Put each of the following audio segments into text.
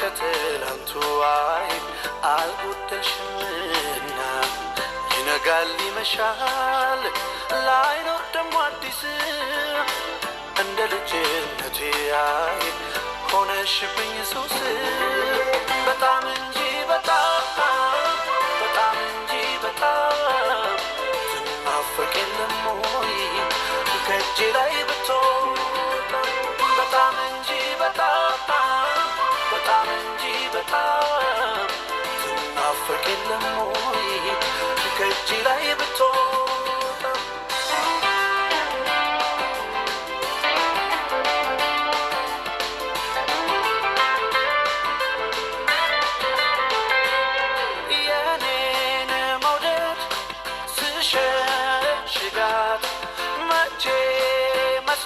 ከትላንቱ አይ አልጎደልሽምና ይነጋል ይመሻል ላይኖር ደሞ አዲስ እንደ ልጅነቴ አይ ሆነሽብኝ ሱስ በጣም እንጂ በጣም በጣም እንጂ በጣም ትናፈቅ የለም ወይ ከእጄ ላይ በጣም ትናፍቅ የለም ወይ ከእጅ ላይ ብትሆን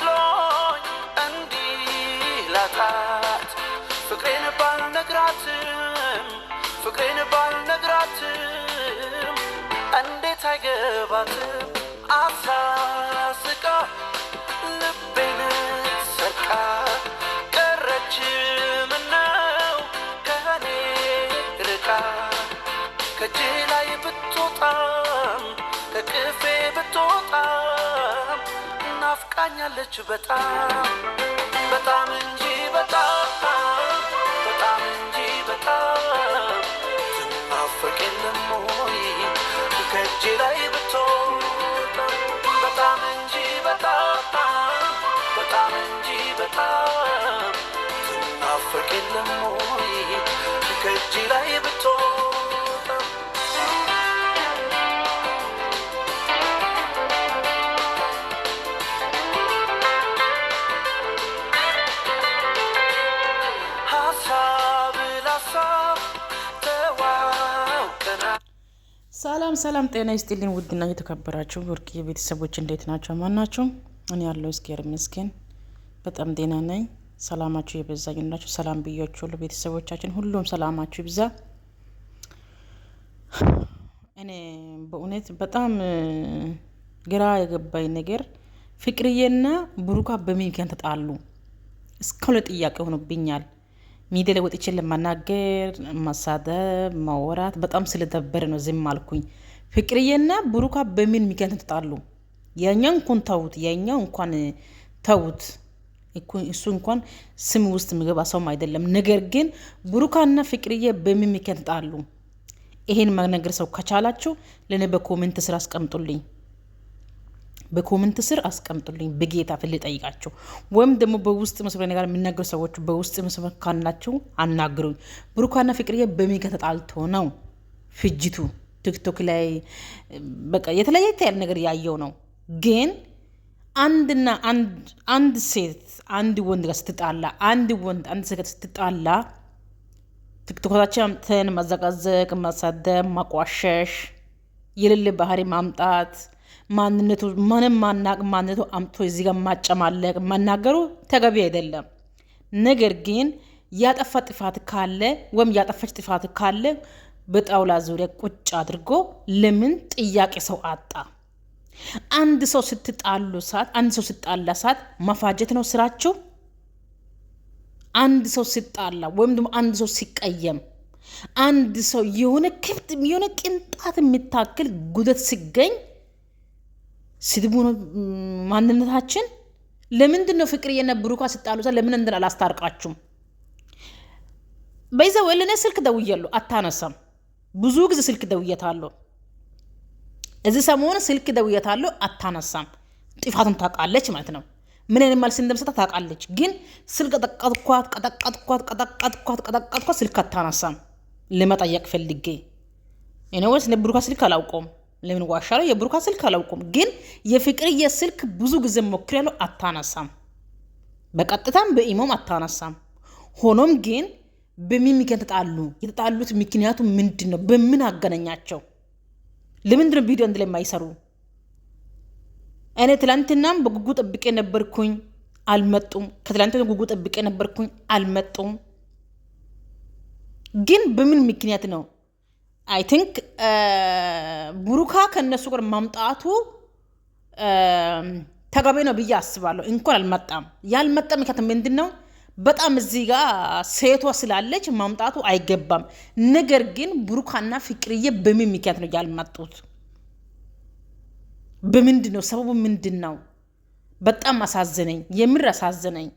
Slow. አልነግራትም ፍቅሬን ባልነግራትም እንዴት አይገባትም አሳስቃ ልቤን ሰርቃ ቀረች ምነው ከኔ ርቃ ከእጄ ላይ ብትወጣም ከቅፌ ብትወጣም ናፍቃኛለች በጣም በጣም እንጂ በጣም በጣም እንጂ በጣም ትናፍቅ የለም ወይ ከእጄ ላይ ብትሆን በጣም እንጂ በጣም በጣም እንጂ በጣም ትናፍቅ የለም ከእጄ ላይ ብትሆን ሰላም ሰላም፣ ጤና ይስጥልኝ ውድና እየተከበራችሁ ወርቅ የቤተሰቦች እንዴት ናቸው? ማን ናቸው? እኔ ያለው እስኪር ምስኪን በጣም ጤና ነኝ። ሰላማችሁ የበዛኝ ናችሁ። ሰላም ብያችሁ ሁሉ ቤተሰቦቻችን ሁሉም ሰላማችሁ ይብዛ። እኔ በእውነት በጣም ግራ የገባኝ ነገር ፍቅርዬና ብሩካ በምን ተጣሉ? እስካሁን ጥያቄ ሆኖብኛል። ሚዲያ ላይ ወጥቼ ለማናገር ማሳደብ፣ ማወራት በጣም ስለደበረ ነው ዝም አልኩኝ። ፍቅርዬና ብሩካ በምን ምክንያት ተጣሉ? ያኛ እንኳን ተውት፣ ያኛ እንኳን ተውት። እሱ እንኳን ስም ውስጥ ምግብ ሰውም አይደለም። ነገር ግን ብሩካና ፍቅርዬ በምን ምክንያት ተጣሉ? ይሄን መነገር ሰው ከቻላችሁ ለእኔ በኮሜንት ስራ አስቀምጡልኝ። በኮመንት ስር አስቀምጡልኝ በጌታ ፍል ጠይቃቸው ወይም ደግሞ በውስጥ መስመር እኔ ጋር የሚናገሩ ሰዎች በውስጥ መስመር ካላቸው አናግሩኝ። ብሩካና ፍቅርዬ በሚገ ተጣልቶ ነው ፍጅቱ ቲክቶክ ላይ በቃ የተለያየ ያለ ነገር ያየው ነው። ግን አንድና አንድ ሴት አንድ ወንድ ጋር ስትጣላ አንድ ወንድ አንድ ሴት ጋር ስትጣላ ቲክቶካችን አምጥተን ማዘቃዘቅ፣ ማሳደብ፣ ማቋሸሽ የሌለ ባህሪ ማምጣት ማንነቱ ምንም ማናቅ ማንነቱ አምጥቶ እዚህ ጋር ማጨማለቅ መናገሩ ተገቢ አይደለም። ነገር ግን ያጠፋ ጥፋት ካለ ወይም ያጠፋች ጥፋት ካለ በጣውላ ዙሪያ ቁጭ አድርጎ ለምን ጥያቄ ሰው አጣ? አንድ ሰው ስትጣሉ ሰዓት አንድ ሰው ስጣላ ሰዓት መፋጀት ነው ስራችሁ። አንድ ሰው ሲጣላ ወይም ደግሞ አንድ ሰው ሲቀየም አንድ ሰው የሆነ ክብት የሆነ ቅንጣት የሚታክል ጉደት ሲገኝ ስድቡ ማንነታችን። ለምንድን ነው ፍቅር ፍቅርዬና ኳ ስጣሉ ለምን እንድን አላስታርቃችሁም? በይዘ ወይ ወልኔ ስልክ ደውያለሁ አታነሳም። ብዙ ጊዜ ስልክ ደውየታሉ። እዚህ ሰሞን ስልክ ደውየታሉ አታነሳም። ጥፋቱን ታውቃለች ማለት ነው። ምን አይነት መልስ እንደምሰጣ ታውቃለች። ግን ስልክ ቀጠቀጥኳት ቀጠቀጥኳት ቀጠቀጥኳት ቀጠቀጥኳት ስልክ አታነሳም። ለመጠየቅ ፈልጌ እኔ ወይስ ብሩካ ስልክ አላውቀውም ለምን ዋሻለው? የብሩካ ስልክ አላውቁም፣ ግን የፍቅርዬ ስልክ ብዙ ጊዜ ሞክሬያለሁ፣ አታነሳም። በቀጥታም በኢሞም አታነሳም። ሆኖም ግን በምን ምክንያት ተጣሉ? የተጣሉት ምክንያቱ ምንድን ነው? በምን አገናኛቸው? ለምንድን ነው ቪዲዮ አንድ ላይ የማይሰሩ? እኔ ትላንትናም በጉጉ ጠብቄ ነበርኩኝ፣ አልመጡም። ከትላንትና ጉጉ ጠብቄ ነበርኩኝ፣ አልመጡም። ግን በምን ምክንያት ነው አይ ቲንክ ቡሩካ ከእነሱ ጋር ማምጣቱ ተገቢ ነው ብዬ አስባለሁ። እንኳን አልመጣም። ያልመጣ ምክንያት ምንድን ነው? በጣም እዚህ ጋር ሴቷ ስላለች ማምጣቱ አይገባም። ነገር ግን ቡሩካና ፍቅርዬ በምን ምክንያት ነው ያልመጡት? በምንድን ነው ሰበቡ? ምንድን ነው? በጣም አሳዘነኝ፣ የምር አሳዘነኝ።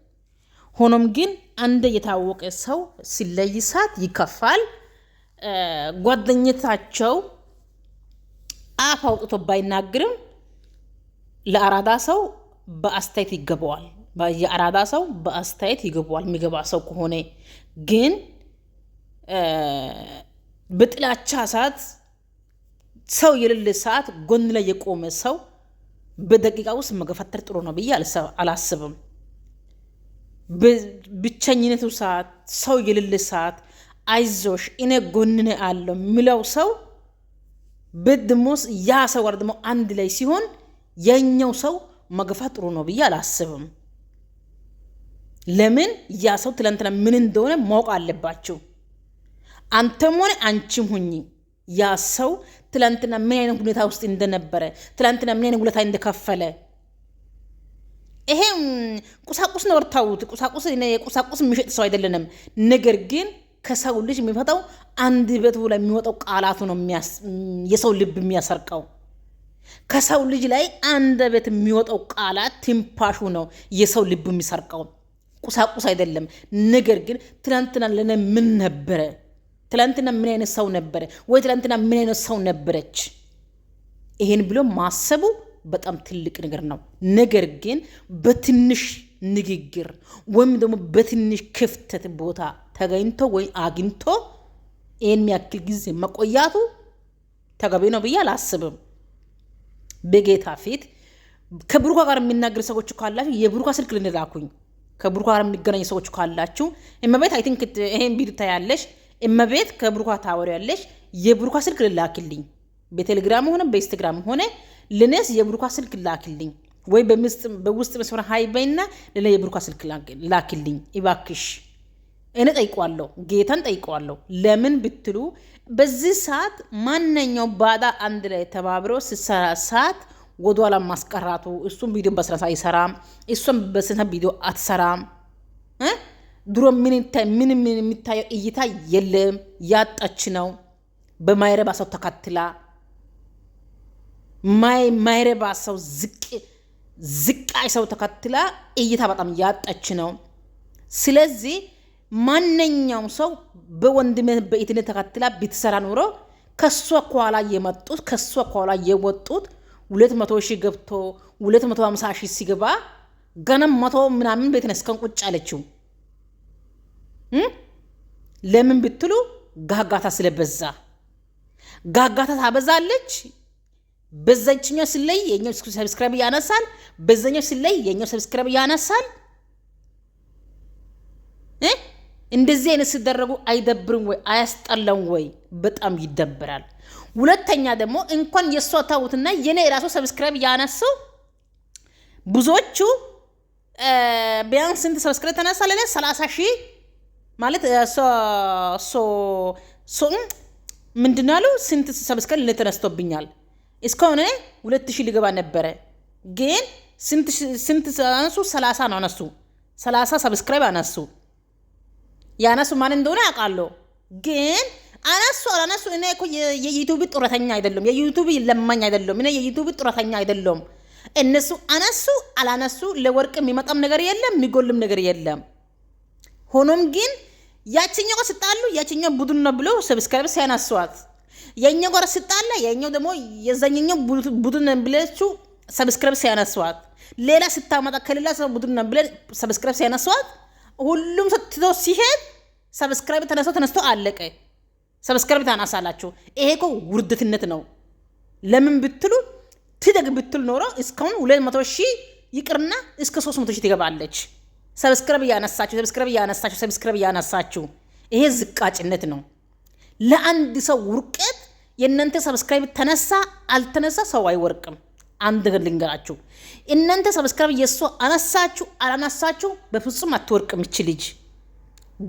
ሆኖም ግን አንድ የታወቀ ሰው ሲለይሳት ይከፋል። ጓደኝታቸው አፍ አውጥቶ ባይናግርም ለአራዳ ሰው በአስተያየት ይገባዋል። የአራዳ ሰው በአስተያየት ይገባዋል። የሚገባ ሰው ከሆነ ግን በጥላቻ ሰዓት ሰው የሌለ ሰዓት ጎን ላይ የቆመ ሰው በደቂቃ ውስጥ መገፈተር ጥሩ ነው ብዬ አላስብም። ብቸኝነቱ ሰዓት ሰው የሌለ ሰዓት አይዞሽ እኔ ጎንነ አለው የሚለው ሰው ብድሞስ ያ ሰው ጋር ደግሞ አንድ ላይ ሲሆን የኛው ሰው መግፋት ጥሩ ነው ብዬ አላስብም። ለምን ያ ሰው ትላንትና ምን እንደሆነ ማወቅ አለባቸው። አንተም ሆነ አንቺም ሁኚ ያ ሰው ትላንትና ምን አይነት ሁኔታ ውስጥ እንደነበረ፣ ትላንትና ምን አይነት ውለታ እንደከፈለ ይሄ ቁሳቁስ ነው። ወርታውት ቁሳቁስ የቁሳቁስ የሚሸጥ ሰው አይደለንም። ነገር ግን ከሰው ልጅ የሚፈጠው አንድ ቤት ላይ የሚወጣው ቃላቱ ነው የሰው ልብ የሚያሰርቀው። ከሰው ልጅ ላይ አንድ ቤት የሚወጣው ቃላት ትንፋሹ ነው የሰው ልብ የሚሰርቀው፣ ቁሳቁስ አይደለም። ነገር ግን ትናንትና ለነ ምን ነበረ? ትላንትና ምን አይነት ሰው ነበረ? ወይ ትላንትና ምን አይነት ሰው ነበረች? ይሄን ብሎ ማሰቡ በጣም ትልቅ ነገር ነው። ነገር ግን በትንሽ ንግግር ወይም ደግሞ በትንሽ ክፍተት ቦታ ተገኝቶ ወይ አግኝቶ ይህን ያክል ጊዜ መቆያቱ ተገቢ ነው ብዬ አላስብም። በጌታ ፊት ከብሩኳ ጋር የሚናገር ሰዎች ካላችሁ የብሩኳ ስልክ ልንላኩኝ ከብሩኳ ጋር የሚገናኝ ሰዎች ካላችሁ እመቤት አይ ቲንክ ይሄን ቢድታ ያለሽ እመቤት ከብሩኳ ታወሪ ያለሽ የብሩኳ ስልክ ልላክልኝ በቴሌግራም ሆነ በኢንስታግራም ሆነ ልኔስ የብሩኳ ስልክ ላክልኝ ወይ በውስጥ መስመር ሀይበይና ለኔ የብሩኳ ስልክ ላክልኝ ይባክሽ። እኔ ጠይቋለሁ ጌታን ጠይቋለሁ። ለምን ብትሉ በዚህ ሰዓት ማነኛው ባዳ አንድ ላይ ተባብረው ስሰራ ሰዓት ወደኋላ ማስቀራቱ እሱም ቪዲዮ በስነሳ አይሰራም፣ እሱም በስነ ቪዲዮ አትሰራም። ድሮ ምን ምን የሚታየው እይታ የለም። ያጣች ነው በማይረባ ሰው ተከትላ ማይረባ ሰው ዝቅ ዝቃይ ሰው ተከትላ እይታ በጣም ያጣች ነው። ስለዚህ ማንኛውም ሰው በወንድምህ በኢትነት ተከትላ ቢትሰራ ኑሮ ከሷ ኋላ የመጡት ከሷ ኋላ የወጡት ሁለት መቶ ሺህ ገብቶ ሁለት መቶ ሀምሳ ሺህ ሲገባ ገና መቶ ምናምን ቤት ነስከን ቁጭ አለችው። ለምን ብትሉ ጋጋታ ስለበዛ፣ ጋጋታ ታበዛለች። በዛችኛው ስለይ የኛው ሰብስክራይብ ያነሳል፣ በዛኛው ስለይ የኛው ሰብስክራይብ ያነሳል። እንደዚህ አይነት ሲደረጉ አይደብርም ወይ? አያስጠላም ወይ? በጣም ይደብራል። ሁለተኛ ደግሞ እንኳን የእሷ ታውትና የኔ ራሱ ሰብስክራይብ ያነሰው ብዙዎቹ ቢያንስ ስንት ሰብስክራይብ ተነሳ? ለኔ ሰላሳ ሺህ ማለት ሶም ምንድን ነው ያሉ ስንት ሰብስክራይብ ልተነስቶብኛል እስካሁን ሁለት ሺህ ልገባ ነበረ፣ ግን ስንት አነሱ? ሰላሳ ነው አነሱ፣ ሰላሳ ሰብስክራይብ አነሱ። ያነሱ ማን እንደሆነ ያውቃለሁ። ግን አነሱ አላነሱ እኔ እኮ የዩቱብ ጡረተኛ አይደለም፣ የዩቱብ ለማኝ አይደለም፣ እኔ የዩቱብ ጡረተኛ አይደለም። እነሱ አነሱ አላነሱ ለወርቅ የሚመጣም ነገር የለም፣ የሚጎልም ነገር የለም። ሆኖም ግን ያችኛው ጋር ስጣሉ ያችኛው ቡድን ነው ብሎ ሰብስክራይብ ሲያነሷት የኛው ጋር ስጣላ የኛው ደግሞ የዛኛው ቡድን ነው ብለችው ሰብስክራይብ ሲያነሷት ሌላ ስታመጣ ከሌላ ሰው ቡድን ነው ብለ ሰብስክራይብ ሲያነሷት ሁሉም ስትቶ ሲሄድ ሰብስክራይብ ተነስቶ ተነስቶ አለቀ። ሰብስክራይብ ታናሳላችሁ። ይሄ እኮ ውርደትነት ነው። ለምን ብትሉ ትደግ ብትል ኖሮ እስካሁን ሁለት መቶ ሺህ ይቅርና እስከ ሶስት መቶ ሺህ ትገባለች። ሰብስክራይብ እያነሳችሁ ሰብስክራይብ እያነሳችሁ ሰብስክራይብ እያነሳችሁ፣ ይሄ ዝቃጭነት ነው። ለአንድ ሰው ውርቀት የእናንተ ሰብስክራይብ ተነሳ አልተነሳ ሰው አይወርቅም። አንድ ግን ልንገራችሁ፣ እናንተ ሰብስክራብ የእሷ አነሳችሁ አላነሳችሁ በፍጹም አትወርቅ ምች ልጅ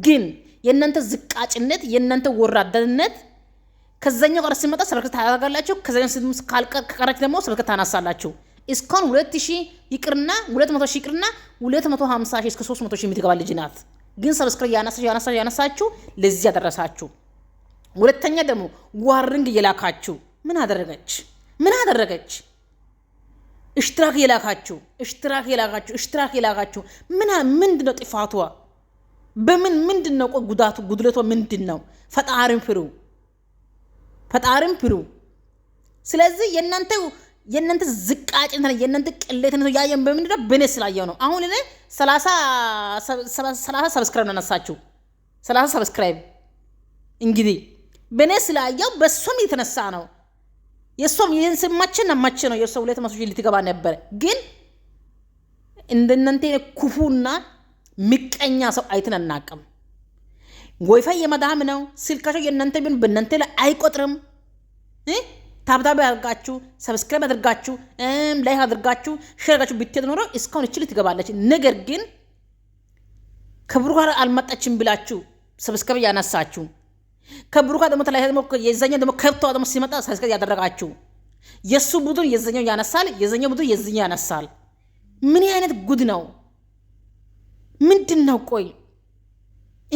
ግን የእናንተ ዝቃጭነት፣ የእናንተ ወራደነት ከዛኛው ጋር ሲመጣ ሰብስክራብ ታደርጋላችሁ፣ ከዛኛው ካልቀረች ደግሞ ሰብስክራብ ታነሳላችሁ። እስካሁን ሁለት ሺህ ይቅርና ሁለት መቶ ሺህ ይቅርና ሁለት መቶ ሀምሳ ሺ እስከ ሶስት መቶ ሺህ የሚትገባ ልጅ ናት። ግን ሰብስክራብ ያነሳችሁ ያነሳችሁ ያነሳችሁ ለዚህ ያደረሳችሁ። ሁለተኛ ደግሞ ዋርንግ እየላካችሁ ምን አደረገች? ምን አደረገች? እሽትራክ የላካችሁ እሽትራክ የላካችሁ እሽትራክ የላካችሁ ምን ምንድን ነው ጥፋቷ? በምን ምንድን ነው ጉዳቱ? ጉድለቷ ምንድን ነው? ፈጣሪም ፍሩ፣ ፈጣሪም ፍሩ። ስለዚህ የእናንተ የእናንተ ዝቃጭ የእናንተ ቅሌት ነው ያየን በምንድን ነው? በእኔ ስላየው ነው። አሁን እኔ ሰላሳ ሰብስክራይብ ነው ያነሳችሁ፣ ሰላሳ ሰብስክራይብ እንግዲህ በእኔ ስላየው በሱም የተነሳ ነው የእሷም ይህን ስማችን ነማች ነው። የእሷ ሁለት መቶ ሺህ ልትገባ ነበረ። ግን እንደናንተ ክፉና ምቀኛ ሰው አይተን አናውቅም። ወይፋይ የመዳም ነው። ስልካቸው የእናንተ ቢሆን በእናንተ ላይ አይቆጥርም። ታብታብ ያድርጋችሁ፣ ሰብስክራይብ አድርጋችሁ፣ ላይ አድርጋችሁ፣ ሼር አድርጋችሁ ብትሄድ ኖሮ እስካሁን እችል ትገባለች። ነገር ግን ከብሩ ጋር አልመጣችም ብላችሁ ሰብስክራይብ ያነሳችሁ ከብሩ ጋር ደግሞ ተላይ ደግሞ የዛኛው ደግሞ ከብቷ ደግሞ ሲመጣ ሳይስቀጥ ያደረጋችሁ የእሱ ቡድን የዘኛው ያነሳል፣ የዘኛው ቡድን የዝኛው ያነሳል። ምን አይነት ጉድ ነው? ምንድን ነው? ቆይ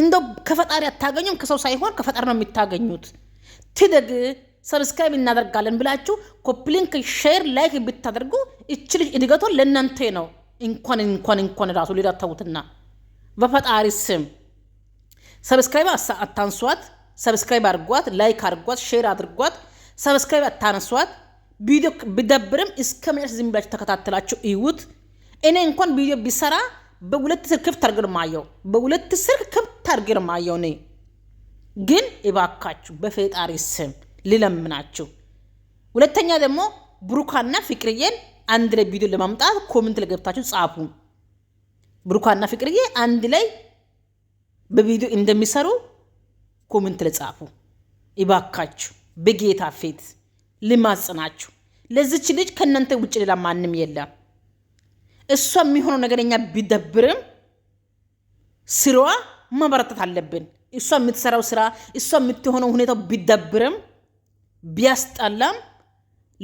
እንደው ከፈጣሪ አታገኙም። ከሰው ሳይሆን ከፈጣሪ ነው የሚታገኙት። ትደግ ሰብስክራይብ እናደርጋለን ብላችሁ ኮፕሊንክ፣ ሼር፣ ላይክ ብታደርጉ እች ልጅ እድገቶን ለእናንተ ነው። እንኳን እንኳን እንኳን ራሱ ሊዳተውትና በፈጣሪ ስም ሰብስክራይብ አታንሷት። ሰብስክራይብ አድርጓት፣ ላይክ አድርጓት፣ ሼር አድርጓት። ሰብስክራይብ አታነሷት። ቪዲዮ ብደብርም እስከ መጨረሻ ዝም ብላችሁ ተከታተላችሁ እዩት። እኔ እንኳን ቪዲዮ ቢሰራ በሁለት ስልክ ክፍት አድርገን ማየው በሁለት ስልክ ክፍት አድርገን ማየው ነ ግን እባካችሁ በፈጣሪ ስም ልለምናችሁ። ሁለተኛ ደግሞ ብሩካና ፍቅርዬን አንድ ላይ ቪዲዮ ለማምጣት ኮሜንት ለገብታችሁ ገብታችሁ ጻፉ። ብሩካና ፍቅርዬ አንድ ላይ በቪዲዮ እንደሚሰሩ ኮመንት ለጻፉ ይባካችሁ፣ በጌታ ፊት ልማጽናችሁ። ለዚች ልጅ ከእናንተ ውጭ ሌላ ማንም የለም። እሷ የሚሆነው ነገረኛ ቢደብርም ስራዋ ማበረታት አለብን። እሷ የምትሰራው ስራ እሷ የምትሆነው ሁኔታው ቢደብርም ቢያስጠላም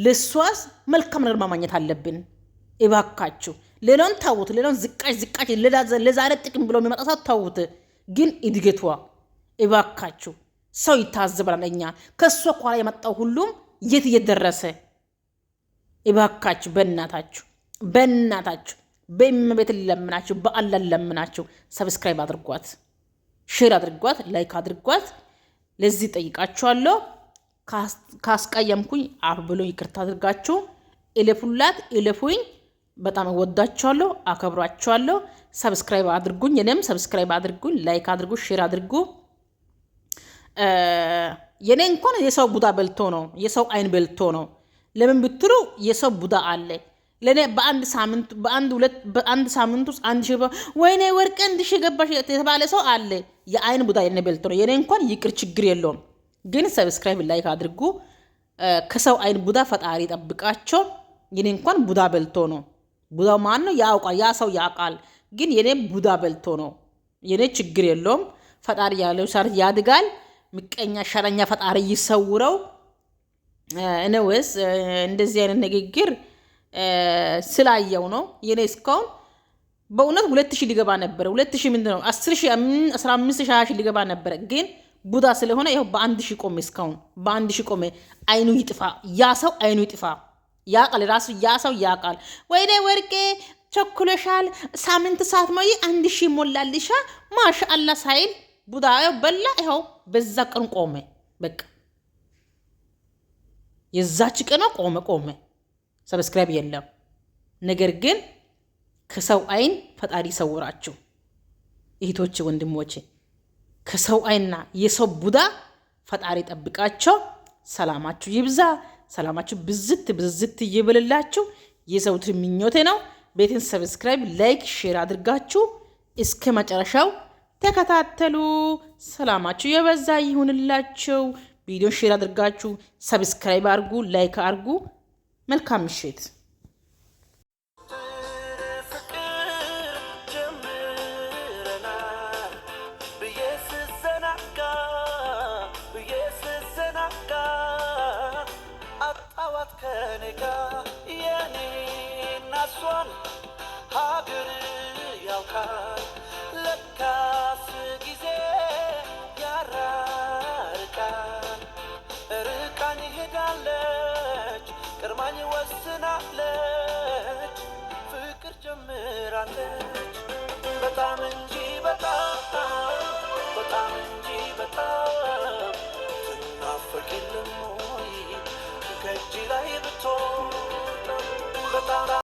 ለእሷስ መልካም ነገር ማግኘት አለብን። እባካችሁ ሌላውን ታውት፣ ሌላውን ዝቃሽ ዝቃሽ ለዛሬ ጥቅም ብሎ የሚመጣ ሰው ታውት። ግን እድገቷ እባካችሁ ሰው ይታዘበናል። እኛ ከእሷ ኋላ የመጣው ሁሉም የት እየደረሰ እባካችሁ፣ በእናታችሁ በእናታችሁ በእመቤት ለምናችሁ፣ በአላ ለምናችሁ፣ ሰብስክራይብ አድርጓት፣ ሼር አድርጓት፣ ላይክ አድርጓት። ለዚህ ጠይቃችኋለሁ። ካስቀየምኩኝ አፍ ብሎ ይቅርታ አድርጋችሁ እልፉላት፣ እልፉኝ። በጣም እወዳችኋለሁ፣ አከብሯችኋለሁ። ሰብስክራይብ አድርጉኝ፣ እኔም ሰብስክራይብ አድርጉኝ፣ ላይክ አድርጉ፣ ሼር አድርጉ። የኔ እንኳን የሰው ቡዳ በልቶ ነው የሰው አይን በልቶ ነው። ለምን ብትሉ የሰው ቡዳ አለ ለእኔ በአንድ ሳምንት በአንድ ሁለት በአንድ ሳምንት ውስጥ አንድ ሺህ ወይኔ ወርቄ እንድ ሺህ ገባሽ የተባለ ሰው አለ። የአይን ቡዳ የኔ በልቶ ነው። የኔ እንኳን ይቅር ችግር የለውም። ግን ሰብስክራይብ ላይክ አድርጉ። ከሰው አይን ቡዳ ፈጣሪ ጠብቃቸው። የኔ እንኳን ቡዳ በልቶ ነው። ቡዳው ማን ነው ያውቃል፣ ያ ሰው ያውቃል። ግን የኔ ቡዳ በልቶ ነው። የኔ ችግር የለውም። ፈጣሪ ያለው ሳርት ያድጋል። ምቀኛ ሸረኛ ፈጣሪ ይሰውረው። እንውስ እንደዚህ አይነት ንግግር ስላየው ነው የኔ እስካሁን በእውነት ሁለት ሺህ ሊገባ ነበረ። ሁለት ሺህ ምንድን ነው አስር ሺህ አስራ አምስት ሺህ ሀያ ሺህ ሊገባ ነበረ። ግን ቡዳ ስለሆነ ይኸው በአንድ ሺህ ቆሜ እስካሁን በአንድ ሺህ ቆሜ። አይኑ ይጥፋ ያ ሰው አይኑ ይጥፋ። ያቃል ራሱ ያ ሰው ያቃል። ወይኔ ወርቄ ቸኩለሻል፣ ሳምንት ሰዓት መይ አንድ ሺህ ሞላልሻ ማሻአላ ሳይል ቡዳ ይኸው በላ ይኸው በዛ ቀን ቆመ። በቃ የዛች ቀን ቆመ ቆመ። ሰብስክራይብ የለም። ነገር ግን ከሰው አይን ፈጣሪ ይሰውራችሁ እህቶች፣ ወንድሞች ከሰው አይንና የሰው ቡዳ ፈጣሪ ጠብቃቸው። ሰላማችሁ ይብዛ። ሰላማችሁ ብዝት ብዝት እየበልላችሁ የሰው ምኞቴ ነው። ቤትን ሰብስክራይብ፣ ላይክ፣ ሼር አድርጋችሁ እስከ መጨረሻው ተከታተሉ። ሰላማችሁ የበዛ ይሁንላችሁ። ቪዲዮ ሼር አድርጋችሁ ሰብስክራይብ አርጉ፣ ላይክ አርጉ። መልካም ምሽት። Hadir oh.